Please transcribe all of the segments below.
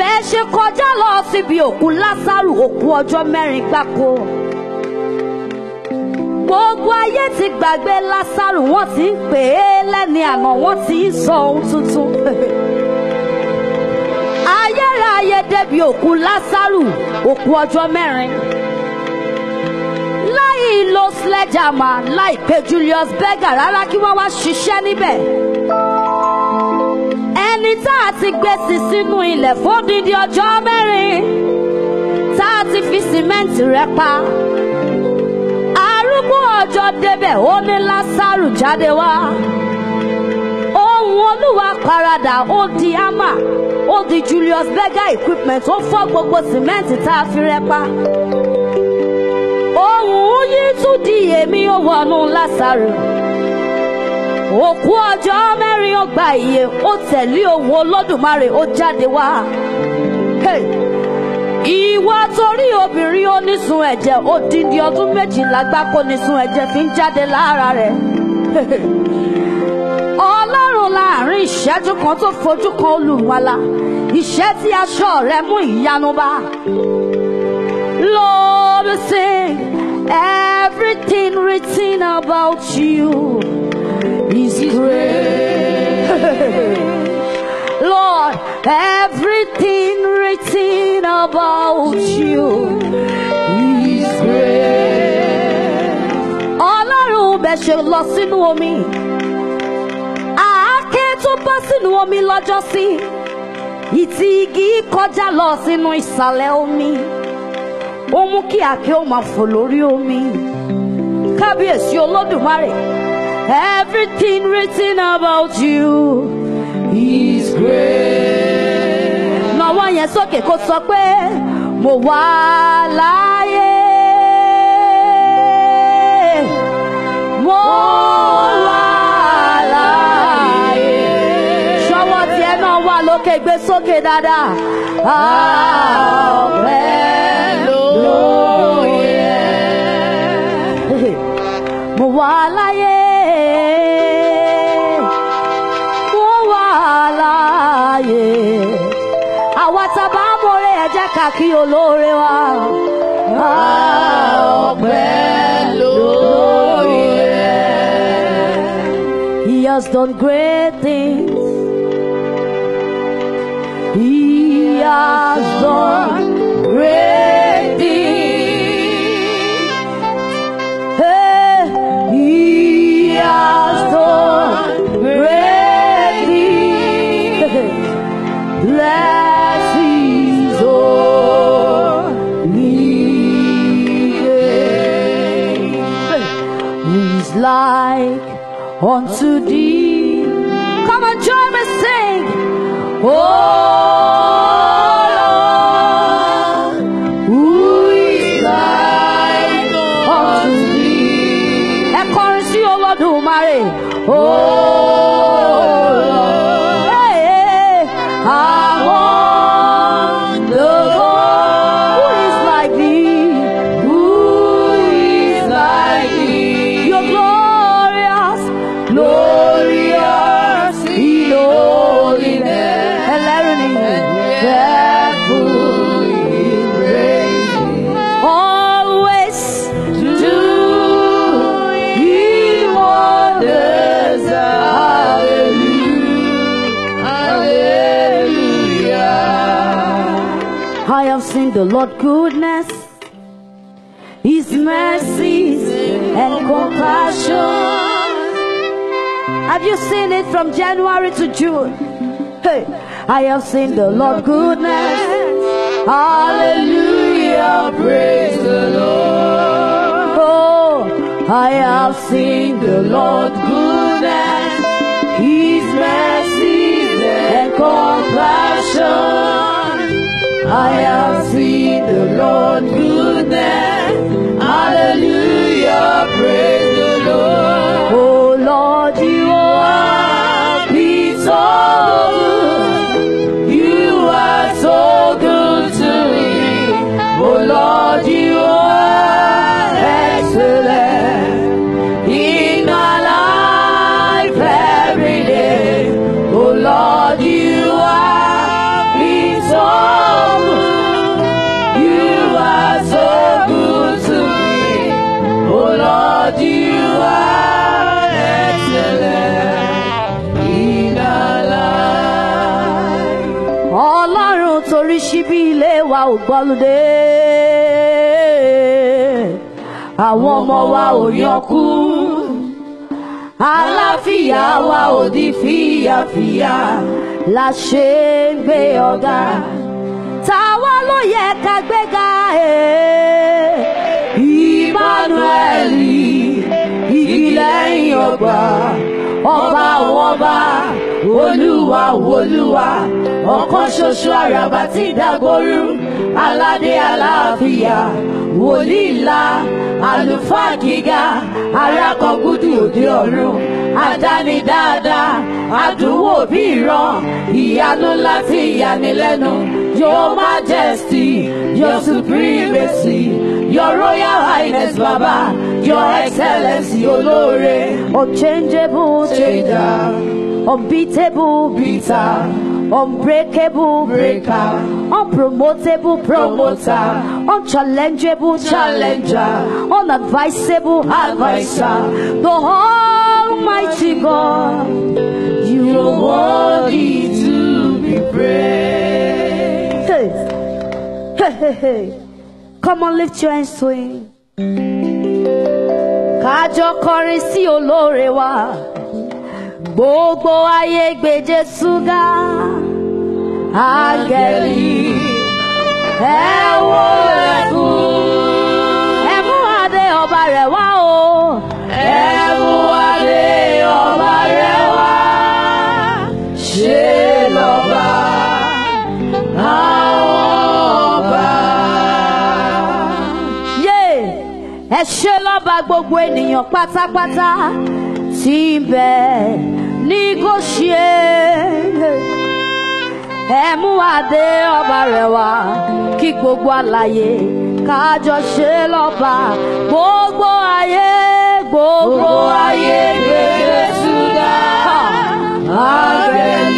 bẹ́ẹ̀ ṣe kọjá lọ síbi òkú lásàrù òkú ọjọ́ mẹ́rin gbáko gbogbo ayé ti gbàgbé lásàrù wọ́n ti ń pè é lẹ́ni àná wọ́n ti ń sọ ohun tuntun ayérayé débi òkú lásàrù òkú ọjọ́ mẹ́rin láì lo sledgehammer láì pe Julius Berger rárá kí wọ́n wá ṣiṣẹ́ níbẹ̀ ẹni tá a ti gbé sí sínú ilẹ̀ fódìdí ọjọ́ mẹ́rin tá a ti fi sìmẹ́ǹtì rẹ̀ pa arúgbó ọjọ́ débẹ̀ ó ní Lásárù jáde wá ohun Olúwa paradà ó di ama ó di Julius Berger equipment ó fọ́ gbogbo sìmẹ́ǹtì tá a fi rẹ̀ pa ohun yìí tún di èmi ó wọnú Lásárù òkú ọjọ́ mẹ́rin ó gba ó tẹ̀lé ohùn olódùmarè ó jáde wá. ìwọ torí obìnrin ó ẹ̀jẹ̀ ó dídí ọdún méjìlá gbáko nísun ẹ̀jẹ̀ fi ń jáde lára rẹ̀. ọlọ́run láàrin ìṣẹ́jú kan tó fojú kan olùmọ̀lá iṣẹ́ tí aṣọ rẹ mú ìyanu bá. Lord, sing everything written about you is great. Lord, everything written about you is great. Ọlọ́run bẹ̀ ṣe lọ sínú omi. Àáké tó bọ́ sínú omi lọ́jọ́ sí. Ìtì igi kọjá lọ sínú ìsàlẹ̀ omi. Ó mú kí àáké ó máa fò lórí omi. Kábíyèsí Olódùmarè. Everything written about you is great. Nàwọ́ yẹn sókè kó sọ pé mo wà láyé. Mo wà láyé. Ṣọwọ́ tiẹ̀ náà wà lókè gbé sókè dáadáa. Àpẹ́ lóye. Mo wà láyé. kákí olóore wa. a He has done great things. He has done great things. to thee. Come and join me, sing. Oh. Have you seen it from January to June? Hey, I have seen the Lord goodness. Hallelujah, praise the Lord. Oh, I have seen the Lord goodness, His mercy and compassion. I have seen the Lord goodness. Hallelujah, praise you. holiday àwọn ọmọ wa ò yọkú aláfíà wa ò di fíyàfíyà la ṣe ń gbé ọ̀gá táwa ló yẹ ká gbéga Emmanuel eh. igi lẹ́yìn ọgbà ọba àwọn ọba olúwa wòlúwa ọ̀kan ṣoṣo àràbà tí dàgbòrú aládé aláàfíà wòlíì ńlá àlùfáà gíga arákọ̀gùdù òde ọ̀run adáni dáadáa àdúwò bí ìran ìyanu ńlá tí ìyanilẹ́nu your majesty your supremacy your royal highness baba your excellency olóore. unchangeable changer unbeatable beater unbreakable breaker. unpromotable promoter, unchallengeable challenger, unadvisable advisor. The Almighty God, you are worthy to be praised. Hey, hey, hey, hey. Come on, lift your hands to Him. Kájọ kore sí olóore wa, gbogbo ayé gbé Jésù ga. áńgẹ́lì ẹ wó ẹkún ẹ mú adé ọba rẹ̀ o ẹ mú adé ọba rẹ̀ wá ṣe lọ́ba àwọn ọba. yé ẹ ṣe lọ́ba gbogbo ènìyàn pátápátá ẹ mú adé ọba rẹ̀ wá kí gbogbo àlàyé kájọ ṣe lọ́ba gbogbo ayé gbogbo ayé gbèrè ṣúgà àgbẹ̀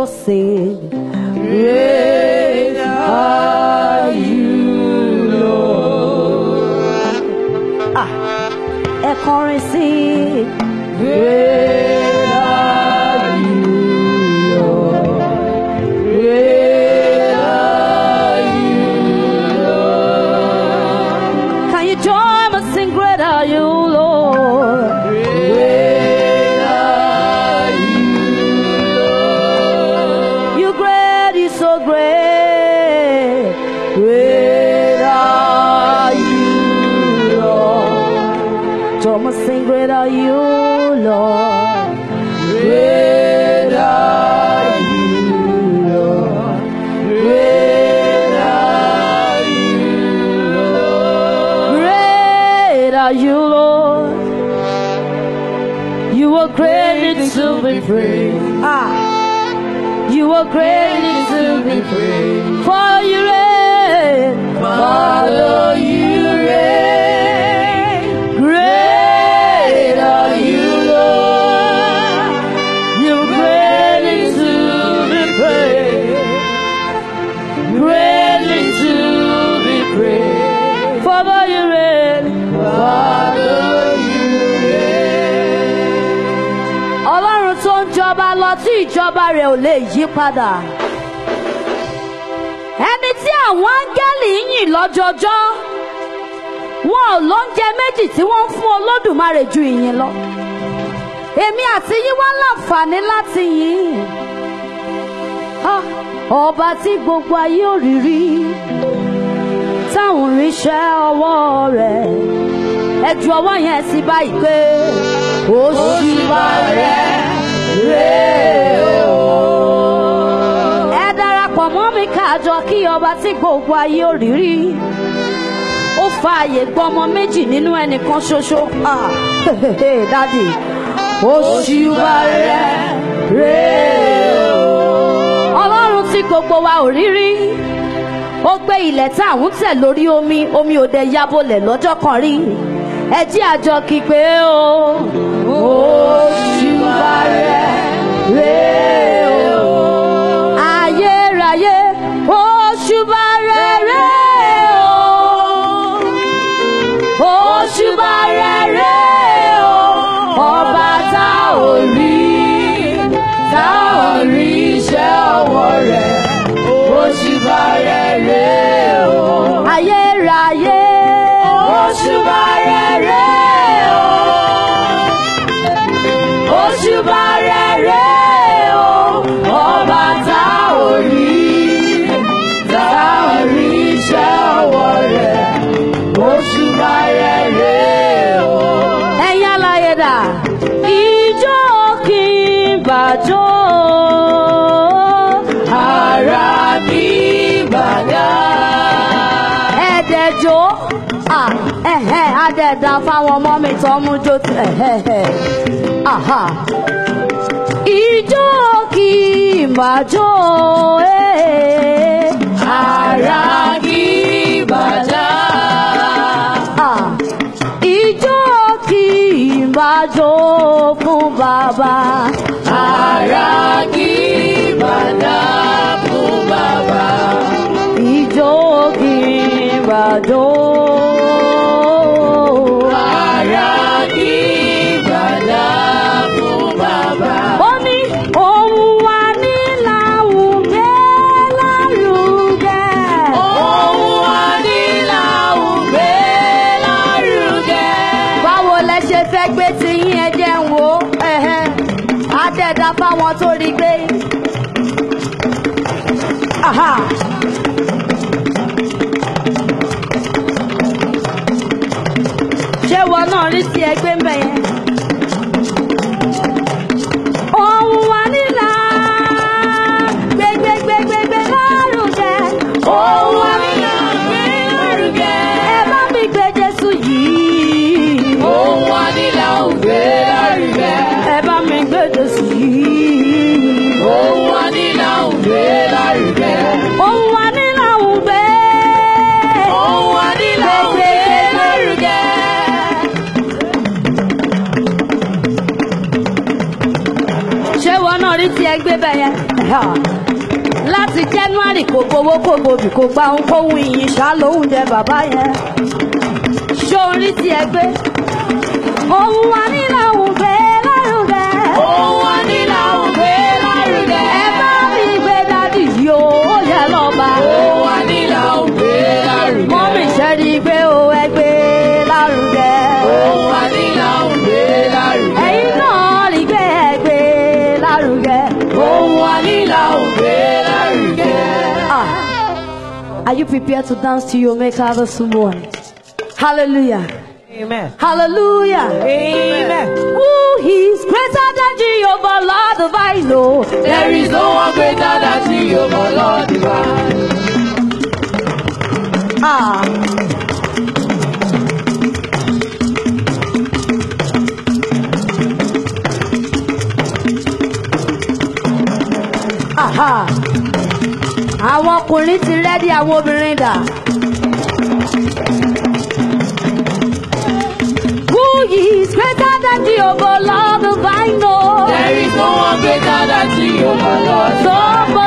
eu sei. Great are you, Lord. Ah, é Great. be praised. Ah, you are created to be praised. For you reign, follow you. rẹ̀ ò lè yí padà. ẹni tí àwọn áńgẹ́lì yìn lọ́jọọjọ́ wọn ò lóúnjẹ méjì tí wọ́n ń fún olódùmarè ju ìyìn lọ. èmi àti yín wá láǹfààní láti yìn. ọba tí gbogbo ayé ò rí rí táwọn oríṣẹ́ ọwọ́ rẹ̀ ẹ ju ọwọ́ yẹn sí báyìí pé. Oṣù wa rẹ̀ rèé o mi káàjọ kí ọba tí gbogbo ayé ò rí ó fa àyè gbọ́ ọmọ méjì nínú ẹnìkan ṣoṣo. dádì òṣùbà rẹ rèé o. ọlọ́run tí gbogbo wa ò rí ó gbé ilẹ̀ tá à ń tẹ̀ lórí omi omi ò yabolẹ̀ lọ́jọ́ kan rí ẹ jí àjọ kígbe o. òṣùbà rẹ rèé Ọba rere o o ọba tá ò rí tá ò rí jẹ́ o. ẹ̀yin aláyẹ̀dá ìjọ kí n bàjọ́. ẹ̀dá fáwọn ọmọ mi tó mú jó tẹ̀. Ìjó kì í mà jó ara kì í mà já. Ìjó kì í mà jó fún bàbá. Ara kì í mà dá fún bàbá. Ìjó kì í mà jó. máa bá wọn tó rí gbé. Aha. ṣé wọn náà rí sí ẹgbẹ́ mbẹ̀yẹn. láti January kò gbowó kò gbòbí kò gba ohunkóhun iyì ṣá lóhùn jẹ bàbá yẹn ṣó orí tiẹ̀ gbé òun wà nílà prepare to dance to your maker this morning. Hallelujah. Amen. Hallelujah. Amen. Who is greater than Jehovah, Lord divine. No, there is no one greater than Jehovah, Lord divine. Ah. Aha. àwọn ọkùnrin ti rẹ́dí àwọn obìnrin dà. Who is greater than the Lord of I know? There is no one greater than the Jehovah Lord.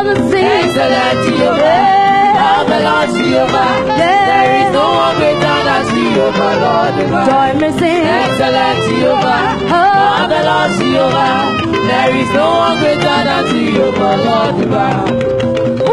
the sing. Excellent Jehovah. Love the Lord Jehovah. There is no one greater than the Lord of I. Join me sing. Excellent Jehovah. Oh. Love the Lord Jehovah. There is no one greater than the Lord of I.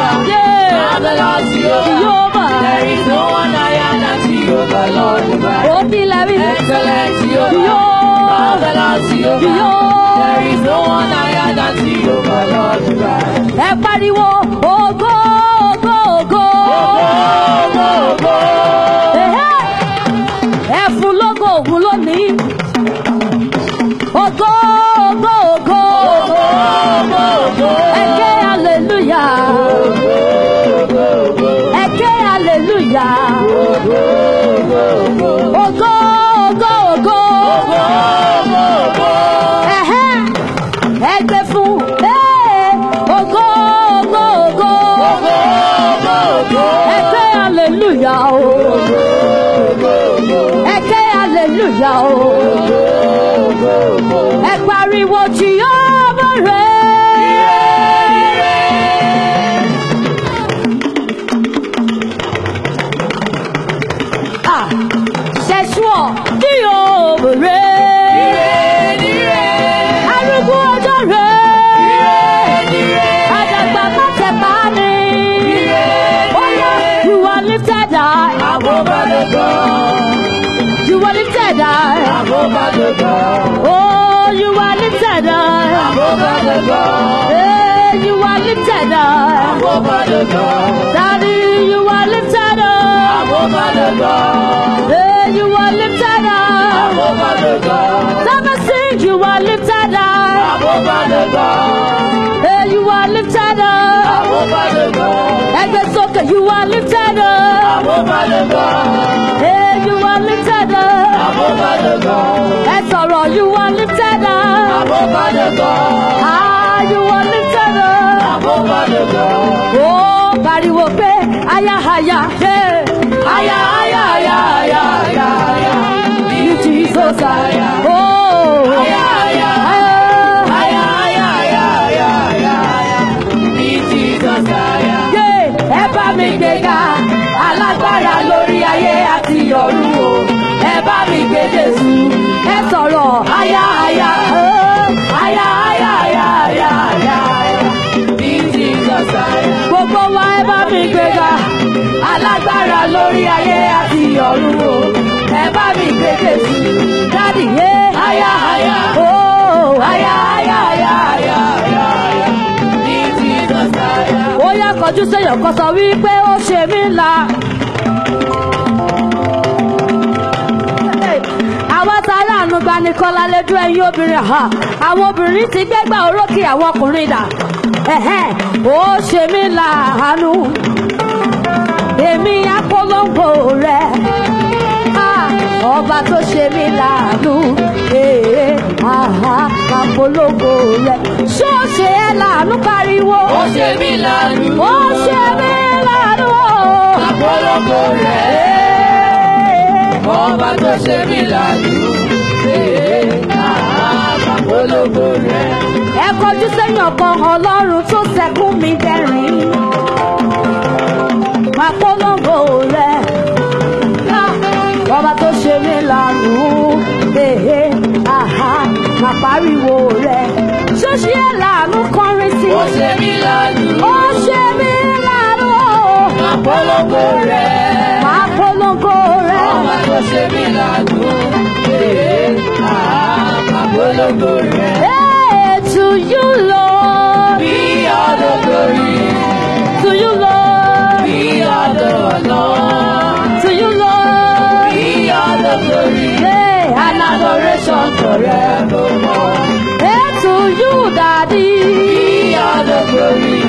Jehovah. There is no one higher than Jehovah, Lord divine. Oh, beloved. Excellent Jehovah. Marvelous Jehovah. There is no one higher than Jehovah, Lord divine. Ẹ pariwo, ògo, ògo, ògo. Ògo, ògo, ògo. ọ̀la. Ògo ògo ògo ògo. Ẹgbẹ́ fún ògo ògo ògo. Ẹgbẹ́ hallelujah o. Ẹgbẹ́ hallelujah o. Ẹ pariwo jù. Daddy, you are lifted up. I'm over the God. Hey, you are lifted up. I'm over the God. Never sing, you are lifted up. I'm over the God. Hey, you are lifted up. I'm over the God. And the soccer, you are lifted up. I'm over the God. Hey, you are lifted up. I'm over the God. That's all, you are lifted up. I'm over the God. Ah, you are lifted up ó pariwo pé ayahaya ayahaya ní Jesus ó ẹ bá mi gbéga alágbára lórí ayé àti ọ̀run o ẹ bá mi gbé Jésù ẹ sọ̀rọ̀ ayahaya. lórí ayé àti ọ̀run o ẹ bá mi gbé Jésù jáde yé háyà háyà o háyà háyà háyà háyà háyà ní Jesus háyà. ó yá kọjú séyàn kan sọ wípé ó ṣe mí la. àánú gbanikọ́lá lójú ẹ̀yin obìnrin ha àwọn obìnrin ti gbẹ́gbà orókè àwọn ọkùnrin dà ẹ̀hẹ́ ó ṣe mí láàánú èmi á lọ́wọ́ rẹ̀ ọba tó ṣe mí láàánú àpolówó rẹ̀ ṣé ó ṣe é láàánú pariwo ó ṣe mí láàánú ó ṣe mí láàánú àpolówó rẹ̀ ọba tó ṣe mí láàánú àpolówó rẹ̀. ẹ kọjú sẹ́yìn ọkàn ọlọ́run tó ṣẹ́kù mi dẹ́rìn-ín. ariwo rẹ̀ ṣó ṣe é láàánú kọrin sí. ó ṣe mí láàánú. ó ṣe mí láàánú. máa polongo rẹ̀. máa polongo rẹ̀. ọmọ tó ṣe mí láàánú. ee polongo rẹ̀. ee to you Lord. be all the glory. to you Lord. be all the honor. son to you, Daddy.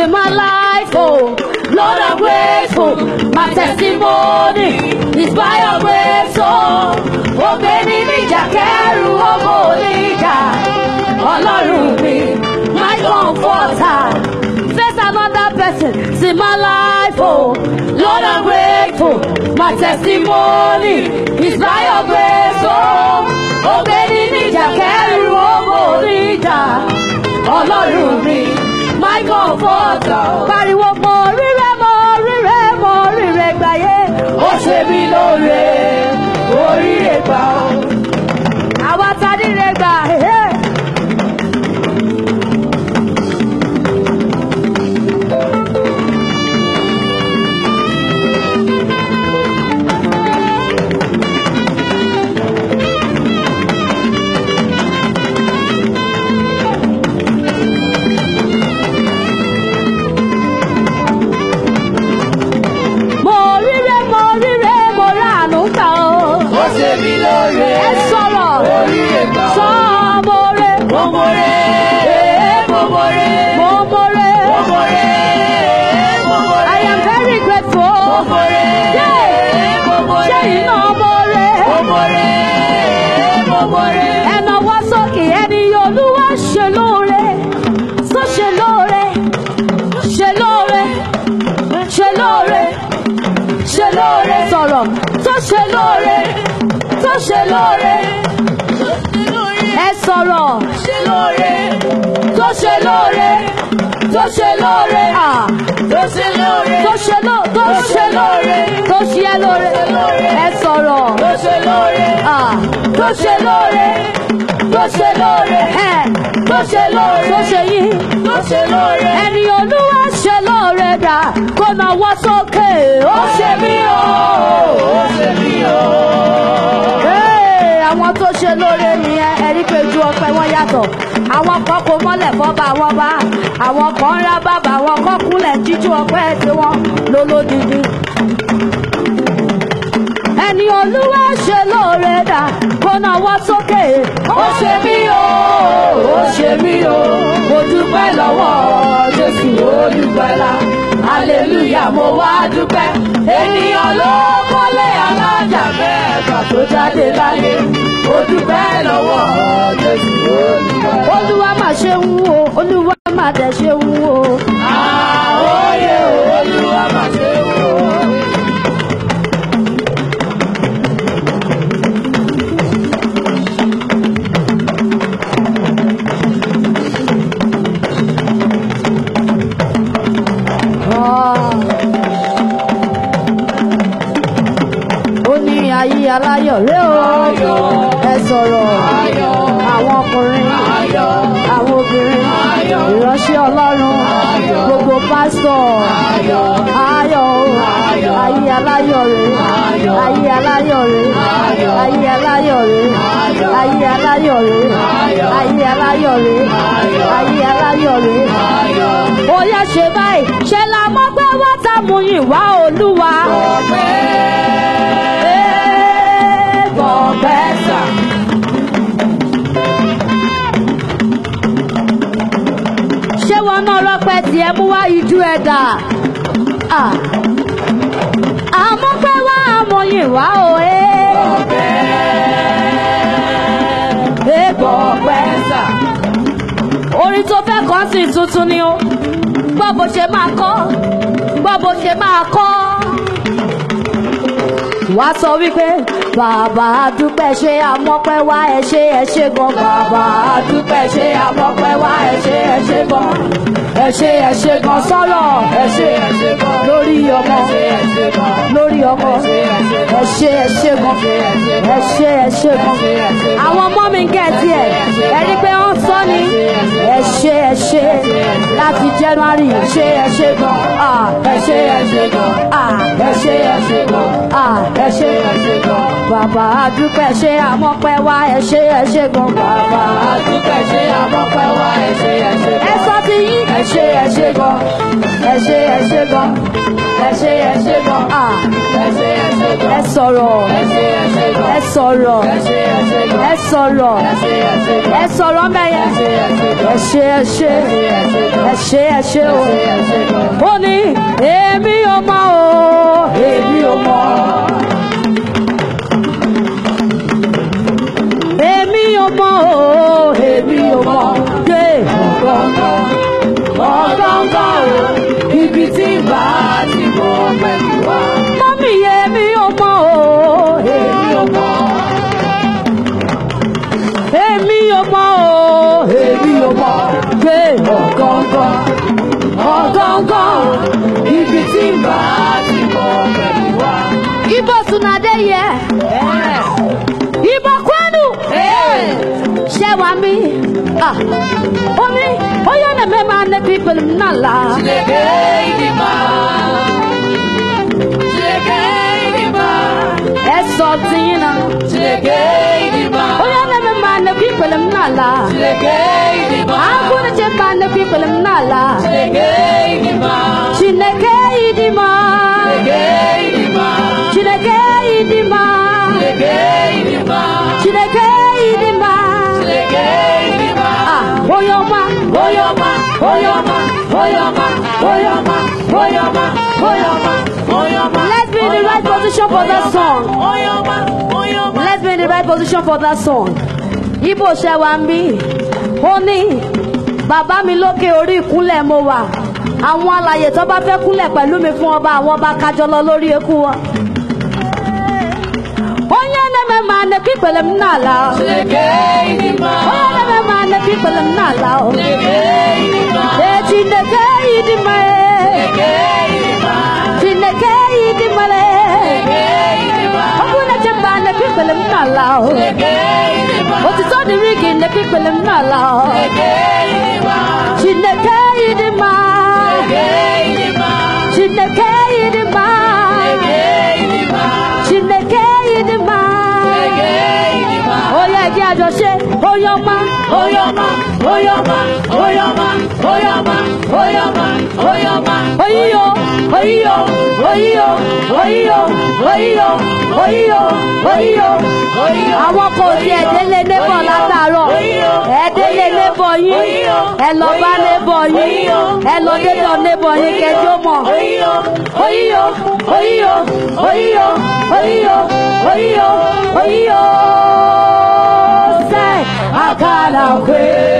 changed my life, oh Lord, I'm grateful. My testimony is by your grace, oh. Oh, baby, mi níjà oh, ọmọ oníjà. Ọlọ́run mi, my comforter. Face another person, see my life, oh. Lord, I'm grateful. My testimony is by your grace, oh. Ó oh, gbé mi níjà kẹ́rù ọmọ oh, oníjà. Ọlọ́run. Body one more. ọ̀rọ̀ ṣe lóore tó ṣe lóore tó ṣe lóore tó ṣe lóore tó ṣe lóore tó ṣe lóore tó ṣe ẹ lóore ẹ sọ̀rọ̀ tó ṣe lóore tó ṣe lóore tó ṣe lóore tó ṣe lóore tó ṣe yìí tó ṣe lóore ẹni olúwa ṣe lóore dà kó máa wá sókè ó ṣe mí o ó ṣe mí o àwọn tó ṣe lóore nìyẹn torí pé ojú ọpẹ́ wọn yàtọ̀ àwọn kan kò mọ́lẹ̀ fọ́ba wọn bá àwọn kan ń rá bàbà wọn kọ́ kúnlẹ̀ jíjú ọpẹ́ tiwọn lólódìdí. ẹni olúwa ṣe lóore dà kó náwó sókè ó ṣe mí o ó ṣe mí o mo dúpẹ́ lọ́wọ́ Jésù olùgbàlà hallelujah mo wá dúpẹ́ ènìyàn ló mọ́lé alájà mẹ́fà tó jáde láyé mo dúpẹ́ lọ́wọ́ Jésù olúwa. olúwa mà ṣe ń wo olúwa mà dẹ̀ ṣe ń wo. ayọ̀ lé o ẹ sọ̀rọ̀ àwọn ọkùnrin àwọn obìnrin ìránṣẹ́ ọlọ́run gbogbo pásítọ̀ ayọ̀ o ayé aláyọ̀ rẹ ayé aláyọ̀ rẹ ayé aláyọ̀ rẹ ayé aláyọ̀ rẹ ayé aláyọ̀ rẹ ayé aláyọ̀ rẹ. ó yẹ ṣe báyìí ṣe la mọ̀ pé wọ́n ta mú yìí wá olúwa. ọ̀pẹ́. ẹ mú wá ìdú ẹ̀dá. àmọ́ pé wá amòyìn wá o ẹ́. ọ̀pẹ́ ẹ̀bọ̀ ọ̀pẹ́ sà. orin tó fẹ́ kọ́ sí tuntun ni o gbọ́ bó ṣe máa kọ́ gbọ́ bó ṣe máa kọ́. wá sọ wípé. Baba, dúpẹ́ ṣe àmọ́pẹ́ wá ẹ ṣé ẹ ṣé gan bàbá dúpẹ́ ṣe àmọ́pẹ́ wá ẹ ṣé ẹ ṣé gan ẹ ṣé ẹ ṣé gan sọ́lọ̀ ẹ ṣé ẹ ṣé gan lórí ọmọ lórí ọmọ ẹ ṣé ẹ ṣé gan ẹ ṣé ẹ ṣé gan àwọn ọmọ mi ń kẹ́ ẹ tiẹ̀ ẹ rí pé wọ́n sọ ni ẹ ṣé ẹ ṣé láti January ẹ ṣé ẹ ṣé gan ẹ ṣé ẹ ṣé gan ẹ ṣé ẹ ṣé gan ẹ ṣé ẹ ṣé gan bàbá àdúpẹ́ ṣe àmọ́pẹ́ wá ẹ ṣé ẹ ṣé gan bàbá àdúpẹ́ ṣe àmọ́pẹ́ wá ẹ ṣé ẹ ṣé gan. ẹ sọ ti yín ẹ ṣé ẹ ṣé gan ẹ ṣé ẹ ṣé gan ẹ ṣé ẹ ṣé gan ẹ ṣé ẹ ṣé gan. ẹ sọ̀rọ̀ ẹ ṣé ẹ ṣé gan ẹ sọ̀rọ̀ ẹ ṣé ẹ ṣé gan ẹ sọ̀rọ̀ ẹ ṣé ẹ ṣé gan ẹ sọ̀rọ̀ mẹ́yẹ ẹ ṣé ẹ ṣé ẹ ṣé ẹ ṣé o. ó ní èmi ò Nala. Omi, oya na me man the people Nala. Chileke idima. Chileke idima. Esotina. Chileke idima. Oya na me the people Nala. Chileke idima. Akuna che man the people Nala. Chileke idima. Chileke idima. Chileke idima. Chileke idima. Chileke idima. Chileke idima. Chileke Oyoma, Let's be in the right position for that song. Oyoma, Let's be in the right position for that song. Ibo ṣe wa ń bí. Ó ní bàbá mi lókè orí ìkúnlẹ̀ mo wà. Àwọn alàyè tó bá fẹ́ kúnlẹ̀ pẹ̀lú mi fún ọba àwọn ọba kájọ lọ lórí eku wọn. Onye na-eme ma na-ekwu ikpele m n'ala. Chineke ịdị the people are not allowed. That in the gay di male. In the gay di na people are not loud. the people are not loud. the di male. In the gay di male. In di Oh yeah, yeah, just say, oh yeah. Oyama, Oyama, Oyama, Oyama, Oyama, Oyo, Oyo, Oyo, Oyo, Oyo, Oyo, Oyo, Oyo. Àwọn kò sí ẹ̀dẹ́lẹ̀ nébọ̀ látàárọ̀. Ẹ̀dẹ́lẹ̀ nébọ̀ yín. Ẹ lọ bá nébọ̀ yín. Ẹ lọ dédọ̀ nébọ̀ yín kẹjọ́ mọ̀. Oyo, Oyo, Oyo, Oyo, Oyo, Oyo, Oyo. Say, I can't quit.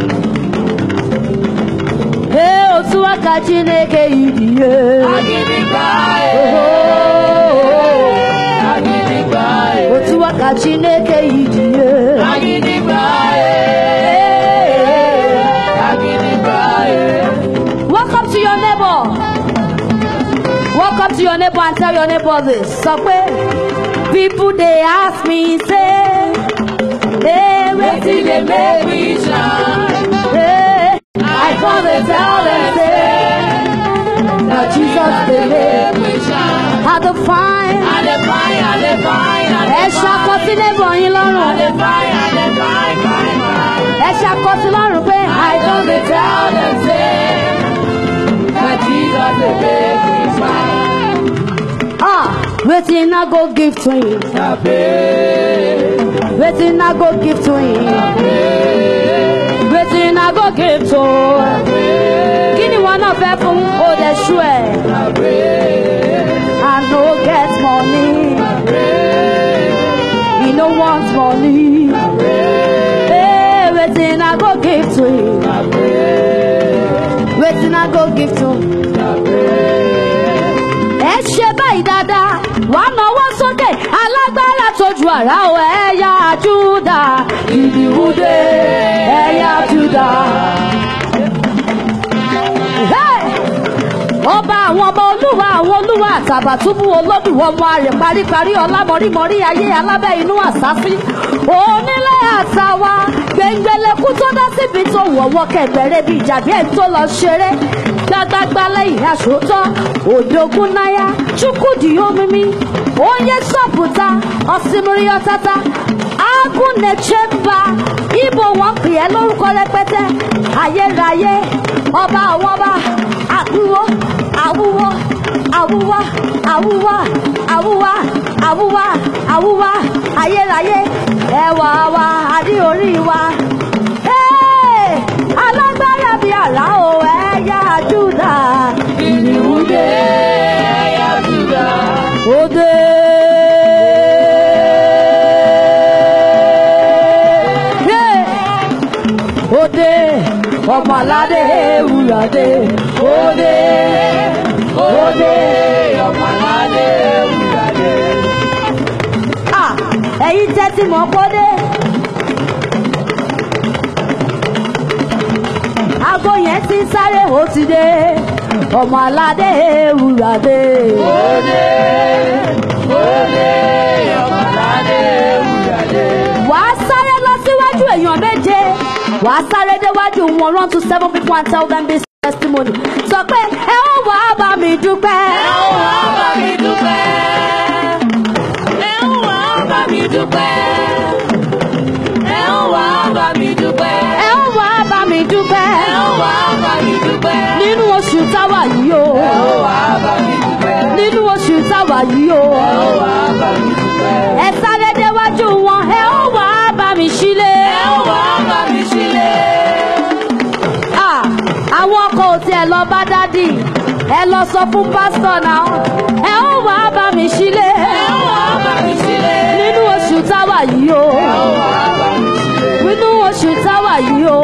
lee otu aka chineke yidie otu aka chineke yidie walk up to your neighbor walk up to your neighbor and tell your neighbor this sọ people they ask me say hey wetin they make me shine for the talented. Now Jesus they live. At the fire, at the fire, at the fire. Ẹ ṣàkọsílẹ̀ bọ̀ yín lọ́rùn. At the fire, at the fire. Ẹ ṣàkọsílẹ̀ lọ́rùn pé I don't the talented. Now Jesus they live. Ah. Waiting, I go give to him. Waiting, I go give to him sókè tó kí ni wọn náà fẹ́ fún olùdẹ̀ṣù ẹ̀. I no get money. He no want money. Hey, eh, wetin I go give to him? Wetin I go give to him? Ẹ ṣe báyìí dáadáa, wàá náwó sókè, alágbára tójú àrà ọ̀ ẹ̀yà. die. tàbátúbù olódùwọ̀ ọmọ àrè paríparí ọlámọrímọrí ayé alábẹ́ inú àsáfí onílé àtàwa gbẹngbẹlẹkú tó dá síbi tó wọ̀wọ́ kẹgbẹ̀rẹ́ bíi ìjàbí ẹ̀ tó lọ ṣeré gbàgbàgbà lẹ́yìn àṣòótọ́ òdògún náyà chukwudi omimi onye sọpụta osimiri ọtata ibo wọn pè é lórúkọ rẹpẹtẹ ayérayé ọba àwọn ọba àkúwọ àwúwọ àwúwá àwúwá àwúwá àwúwá àwúwá ayérayé ẹwà wa adé orí wa. alágbára bíi àlá o ẹ̀yà Júdà. kìnìún dé ẹ̀yà Júdà. ode, dé. ó ode, ode, ode, ode, ode, ode, dé ẹ̀yin tẹ́tí mọ́ kódé. aago yẹn ti sáré ó ti dé ọmọ aládé ewúrà dé. kódé kódé ọmọ aládé ewúrà dé. wàá sáré lọ síwájú èèyàn méje wàá sáré déwájú wọn run to seven people and tell them this testimony sọ pé ẹ ó wá bá mi dúpẹ́. ẹ ń wá bá mi dúpẹ́. ẹ ń wá bá mi dúpẹ́. ẹ ń wá bá mi dúpẹ́. ẹ ń wá bá mi dúpẹ́. ẹ ń wá bá mi dúpẹ́. nínú oṣù táwa yìí o. ẹ ń wá bá mi dúpẹ́. nínú oṣù táwa yìí o. ẹ ń wá bá mi dúpẹ́. ẹ lọ sọ fún pásítọ̀ náà ẹ ó wá bá mi sílé nínú oṣù táwa yìí o nínú oṣù táwa yìí o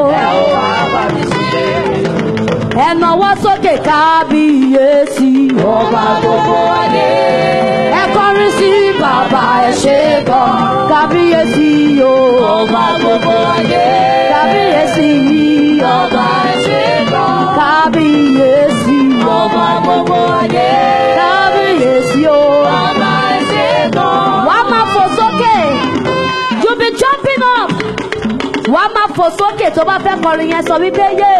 ẹ nawọ́ sókè kábíyèsí ọba gbogbo adé ẹ kọrin sí bàbá ẹ ṣe gan kábíyèsí o ọba gbogbo adé kábíyèsí ọba ẹ ṣe gan kábíyèsí ọba gbogbo ayé. kábíyèsí o. ọba ẹsẹ̀ kan. wàá máa fò sókè you be jumping up. wàá máa fò sókè tó bá fẹ́ kọrin yẹn sọ wípé yé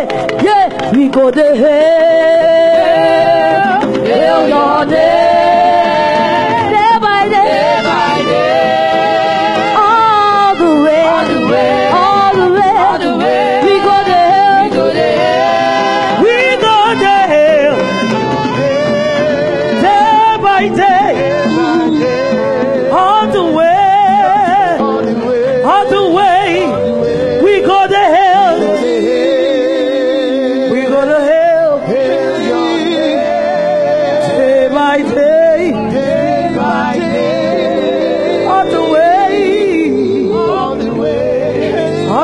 yé ìgòdè. èèyàn dé.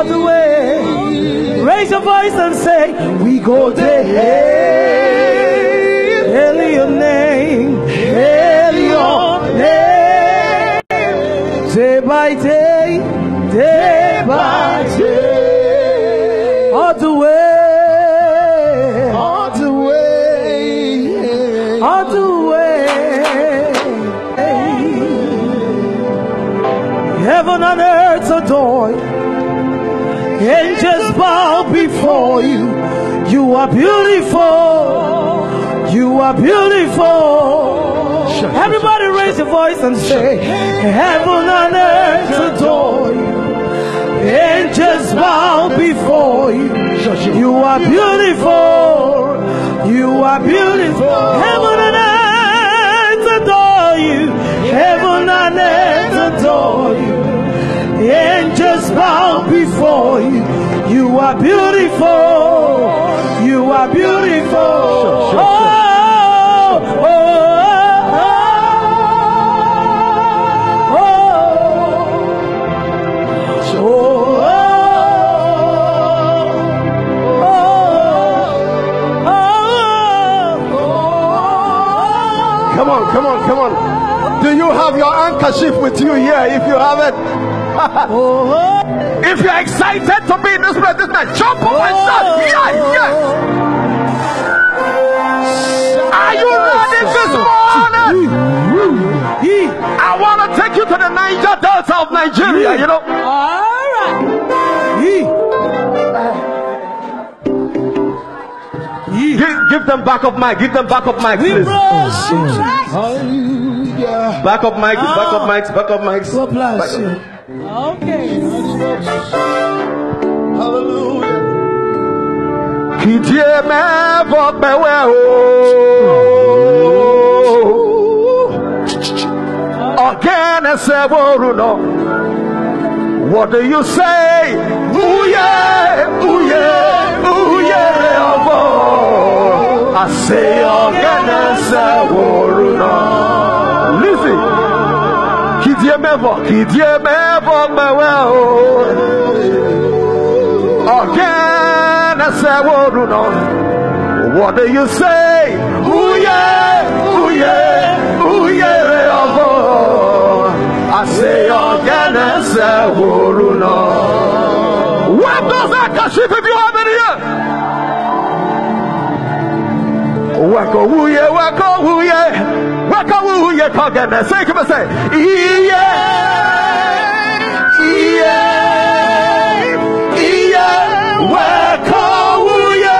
all the way. Raise your voice and say, We go there. Hail your name. Hail your name. Day by day. Day by day. All the way. heaven and earth adore Angels bow before you. You are beautiful. You are beautiful. Everybody raise your voice and say, Heaven and earth adore you. Angels bow before you. You are beautiful. You are beautiful. Heaven and earth adore you. Heaven and earth adore you angels bow before you. You are beautiful. You are beautiful. Sure, sure, sure. oh, Come on, come on, come on. Do you have your handkerchief with you here? If you have it, Oh, if you're excited to be in this place this night, jump up and shout. yes, oh. yes. Are you ready this morning? I want to take you to the Niger Delta of Nigeria, you know. All right. Give, give, them back of mic. Give them back of mic, please. Oh, back of mics, back of mics, back of mics. Okay. Hallelujah. Kìdíé mẹ́fọ́ pẹ̀wẹ́ o. Ọ̀gẹ́ni sẹ́wọ́rù náà. What do you say? Uye, uye, uye ọ̀bọ. Àṣeyọ̀gẹ́ni sẹ́wọ́rù náà. Listen. Dieu me voit, qui Dieu me Again, I what do you say? Ooh yeah, ooh yeah, ooh yeah, I say, again, I say, what What does that kashif if you have any Wako, yeah, wako, yeah bakawuye kageme say come and say iye iye iye wakawuye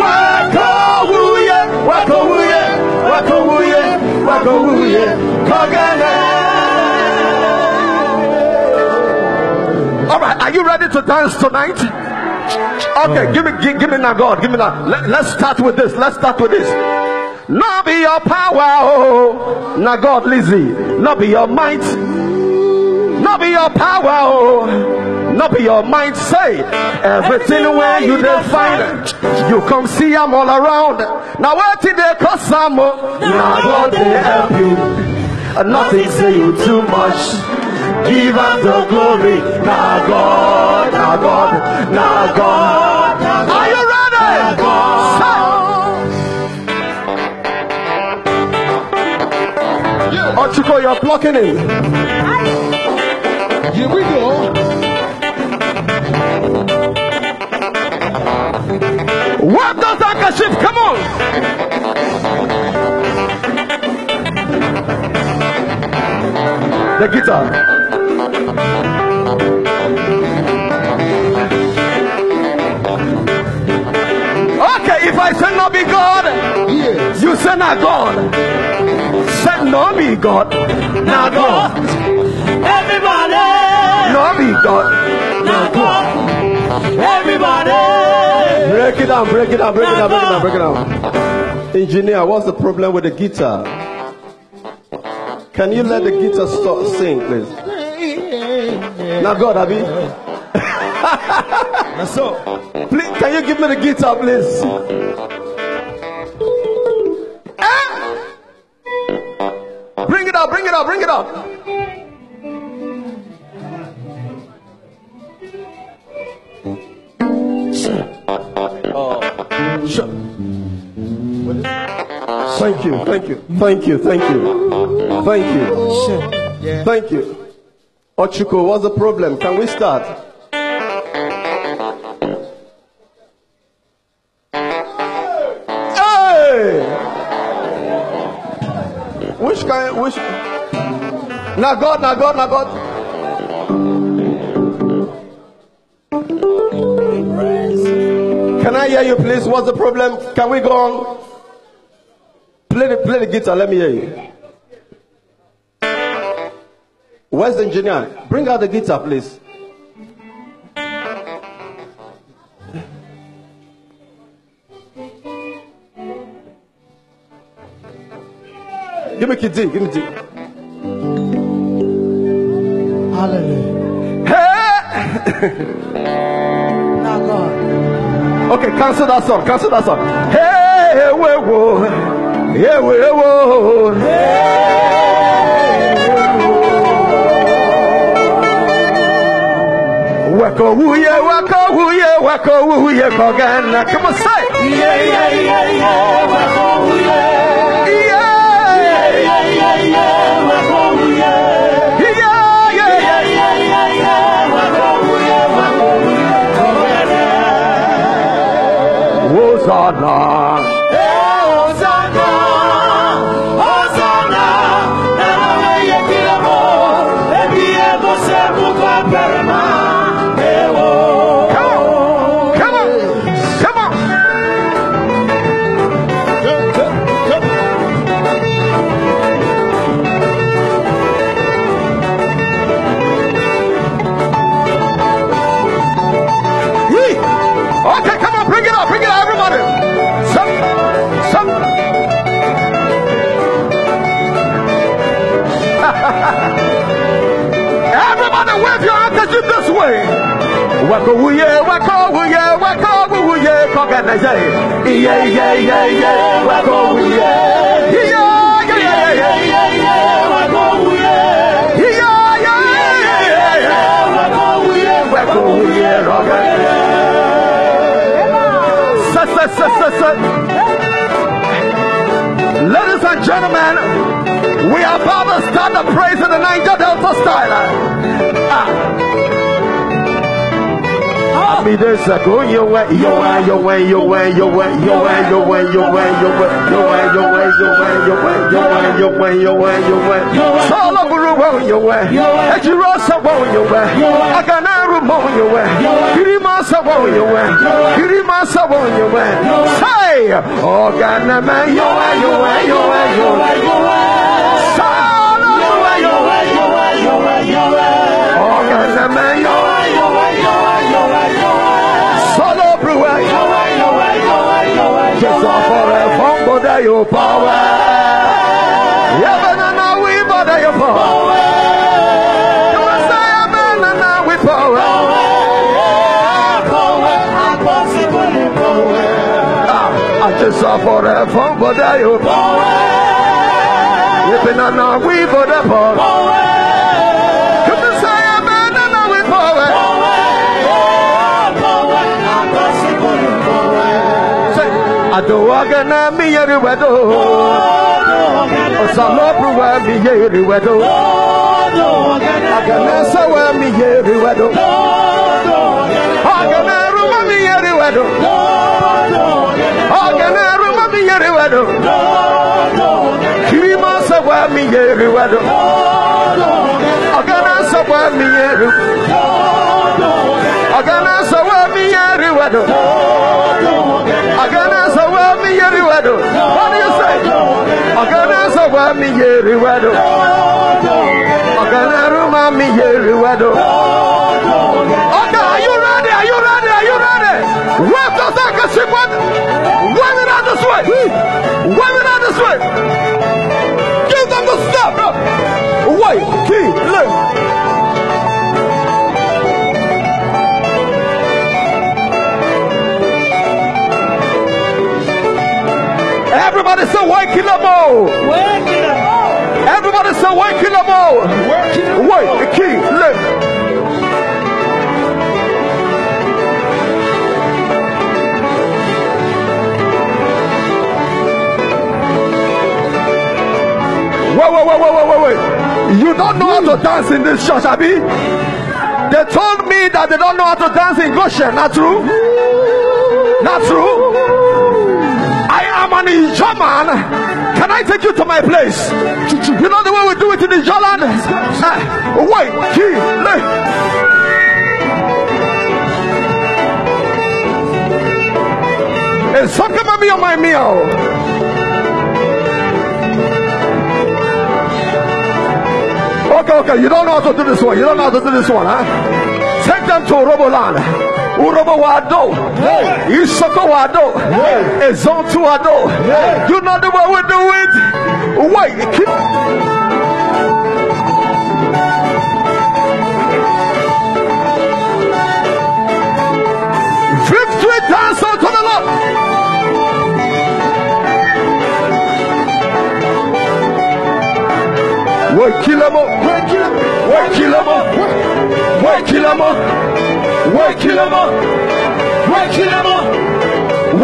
wakawuye wakawuye wakawuye wakawuye kageme all right are you ready to dance tonight Okay, give me, give, give me now, God. Give me now. Let, let's start with this. Let's start with this. Not be your power, oh. Now God, listen. Not be your might. Not be your power, oh. Not be your mind say everything where you don't find you come see I'm all around now where till they cause some now God they help you nothing say you too much give us the glory. Now God, now God, now God, Oh, you're blocking it. Here we go. What does that shift? Come on. The guitar. Okay, if I say not be God, yes. you say not God. No be God. Now God. Everybody. No be God. Now God. Everybody. Break it down, break it down, break it down, break it down, break it down. Engineer, what's the problem with the guitar? Can you let the guitar stop sing, please? Now God, Abby. so, please, can you give me the guitar, please? up, bring it up. Oh. Sure. Thank you, thank you, thank you, thank you, thank you, oh, thank you. Ochuko, what's the problem? Can we start? Now God, now God, now God. Can I hear you, please? What's the problem? Can we go on? Play the play the guitar. Let me hear you. Where's the engineer? Bring out the guitar, please. Give me a kid, give me a Hallelujah. Hey! now God. Okay, cancel that song. Cancel that song. Hey, hey, whoa, whoa. Hey, whoa, whoa. Hey. Wako wuye, wako wuye, wako wuye, kogana. Come on, say. Yeah, yeah, yeah, yeah. Wako wuye. Sodom. wakowuye wakowuye wakowuye kọkẹtẹsẹ iye iye iye iye wakowuye iye iye iye iye iye wakowuye iye iye iye iye wakowuye wakowuye rọkẹtẹ sẹsẹsẹsẹsẹ. Ladies and gentlemen, we are about to start the praise in the Niger Delta style. Ah me this go your way, your way, your way, your way, your way, your way, your way, your way, your way, your way, your way, your way, your way, your way, your way, your way, your way, your way. All way, the way, your way. At your ass way, your way. I way, never way, your way. way, masa way, your way. way, masa way, your way. Say, way, God, way, your way, your way, your way, your way, your way. bother your power. Heaven and now we bother your power. You say amen and now we power. Ah, I just saw forever, but I hope. Living on our we for the power. do agana mi yeri wedo osalo pruwa mi yeri wedo agana sawa mi yeri wedo agana ruma mi yeri wedo agana ruma mi yeri wedo kirima sawa mi yeri wedo agana sawa mi yeri agana sawa mi yeri wedo Mami mi yeri wado. Ogana ruma mi yeri wado. Everybody say, Wake it up, oh. Everybody say, Wake it up, oh. Wait, the key, lift. Wait, wait, wait, wait, wait, wait, You don't know how to dance in this church, Abby. They told me that they don't know how to dance in Goshen. Not true? Not true? German is German. Can I take you to my place? You know the way we do it in the Jalan? Uh, ah, wait, key, lay. And so come me on my meal. Okay, okay, you don't know how to do this one. You don't know how to do this one, huh? Take them to Roboland. Urobo wado, Isoko wado, Isokowado, wado. You know the way we do it. Wait, keep. Victory dance unto the Lord. Wait, kill him up. Wait, kill him up. Wait, kill him up. Wakilama, Wakilama,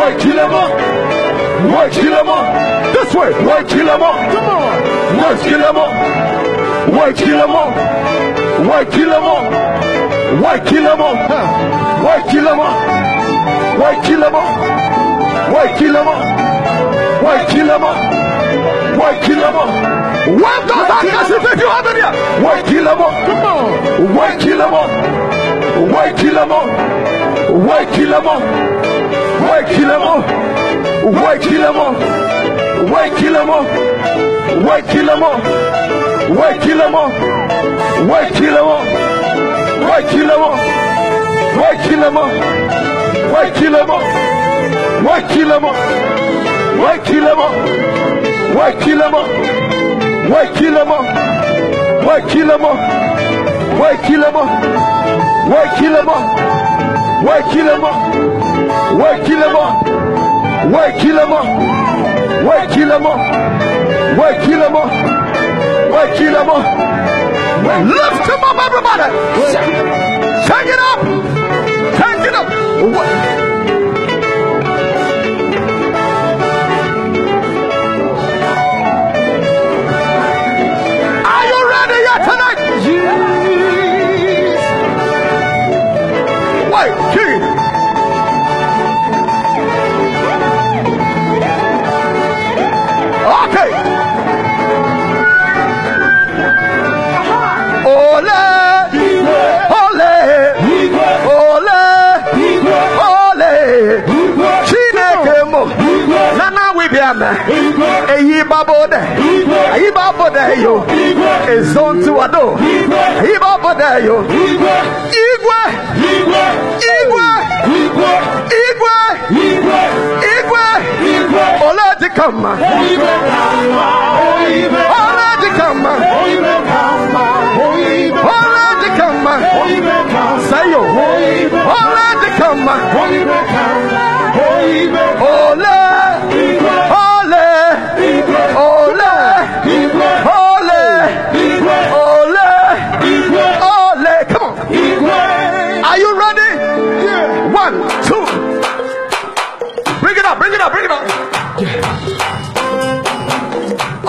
Wakilama, Wakilama. This way, Wakilama. Come on, Wakilama, Wakilama, Wakilama, Wakilama, Wakilama, Wakilama, Wakilama, Wakilama. Wakilama. Where does that castle take you? How many? Wakilama. Come on. Wakilama. Ouais, qu'il le mort Ouais, qu'il Ouais, qu'il mort Ouais, qu'il Ouais, qu'il mort. Ouais, Ouais, qu'il Ouais, Ouais, qu'il Why Why kill kill kill Wakilemo, Wakilemo, Wakilemo, Wakilemo, Why kill Lift him up, everybody. Take it up. Take it up. yo. Igwe. Igwe. Igwe. Igwe. Igwe. Igwe. Igwe. Igwe. Igwe. Oledi kama. Igwe kama. Igwe. Oledi kama. Igwe kama. Igwe. Oledi kama. Igwe kama. Sayo. Igwe. Oledi kama. Igwe kama. Igwe. Oledi.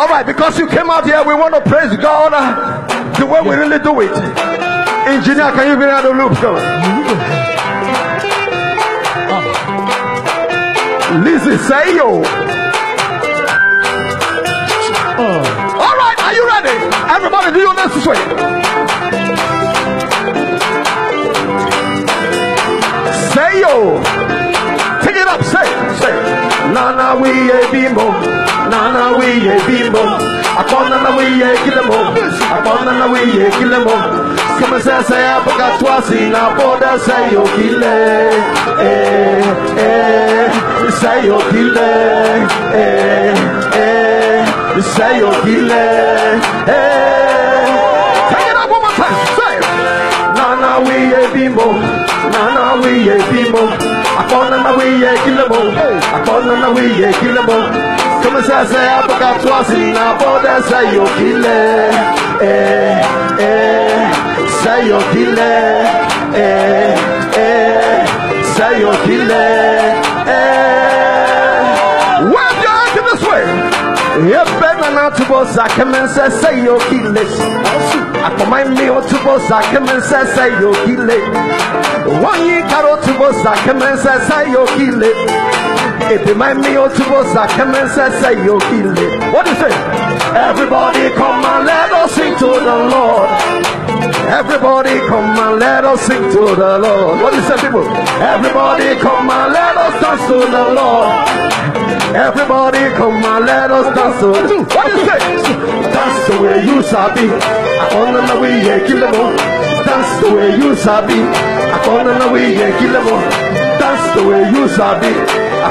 Right, because you came out here, we want to praise God uh, the way we really do it. Engineer, can you bring out the loop, Come on. Lizzie, say yo. All right, are you ready? Everybody, do your necessary. Say yo. Take it up, say, say. Nana, we a be more. Akwana we ye bimbo. Akwana we ye kilemo. Akwana we ye kilemo. Kama sasa hapo katwasi na boda sayo kile. Eh eh sayo kile. Eh eh sayo kile. Eh Take it up one more time. Say it. Nana we ye bimbo wiye bimo akona na wiye kilemo akona na wiye kilemo kama sasa hapo katwasi na boda sayo kile eh eh sayo kile eh eh sayo kile eh one in this way yep tubo zakemen se se yo kile. Akoma mi o to zakemen se se yo kile. Wanyi karo tubo zakemen se se yo kile. Ebi my mi o tubo zakemen se se yo kile. What do you say? Everybody come and let us sing to the Lord. Everybody come and let us sing to the Lord. What do you say, people? Everybody come and let us dance to the Lord. Everybody come and let us dance. Oh. What do you say? Dance the way you be. I found the way you kill them all. Dance the way you be. I found the way you kill them all. Dance the way you be.